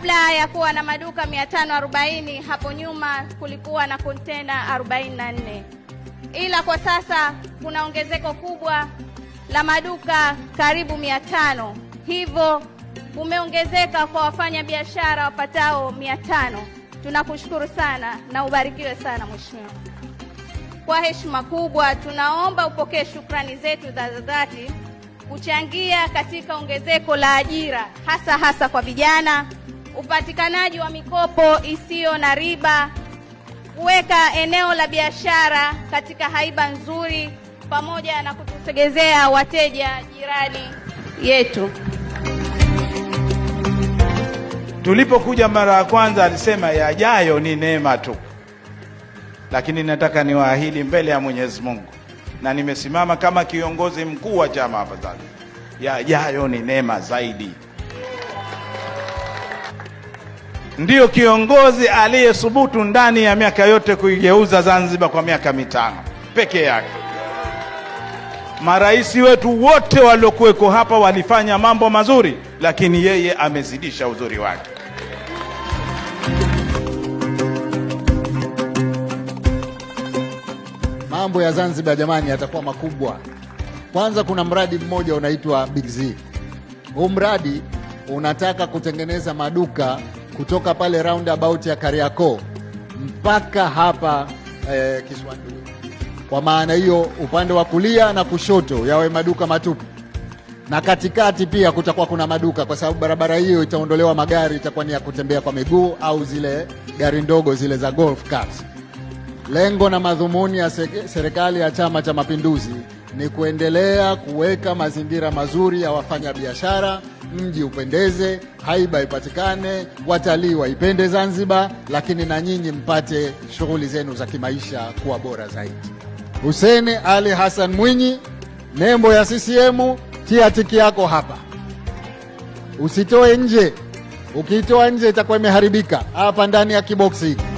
Kabla ya kuwa na maduka 540 hapo nyuma kulikuwa na kontena 44, ila kwa sasa kuna ongezeko kubwa la maduka karibu 500, hivyo umeongezeka kwa wafanya biashara wapatao 500. Tunakushukuru sana na ubarikiwe sana mheshimiwa. Kwa heshima kubwa tunaomba upokee shukrani zetu za dhati kuchangia katika ongezeko la ajira hasa hasa kwa vijana upatikanaji wa mikopo isiyo na riba, kuweka eneo la biashara katika haiba nzuri, pamoja na kutusogezea wateja jirani yetu. Tulipokuja mara ya kwanza alisema yajayo ni neema tu, lakini nataka niwaahidi mbele ya Mwenyezi Mungu, na nimesimama kama kiongozi mkuu wa chama hapa Zanzibar, yajayo ni neema zaidi. ndiyo kiongozi aliyesubutu ndani ya miaka yote kuigeuza Zanzibar kwa miaka mitano peke yake. Marais wetu wote waliokuweko hapa walifanya mambo mazuri, lakini yeye amezidisha uzuri wake. Mambo ya Zanzibar jamani, yatakuwa makubwa. Kwanza kuna mradi mmoja unaitwa Big Z. Huu mradi unataka kutengeneza maduka kutoka pale roundabout ya Kariako mpaka hapa eh, Kiswani. Kwa maana hiyo upande wa kulia na kushoto yawe maduka matupu na katikati pia kutakuwa kuna maduka, kwa sababu barabara hiyo itaondolewa magari, itakuwa ni ya kutembea kwa miguu au zile gari ndogo zile za golf carts. Lengo na madhumuni ya serikali ya Chama cha Mapinduzi ni kuendelea kuweka mazingira mazuri ya wafanyabiashara mji upendeze, haiba ipatikane, watalii waipende Zanzibar, lakini na nyinyi mpate shughuli zenu za kimaisha kuwa bora zaidi. Hussein Ali Hassan Mwinyi, nembo ya CCM, tia tiki yako hapa, usitoe nje. Ukiitoa nje itakuwa imeharibika. Hapa ndani ya kiboksi hiki.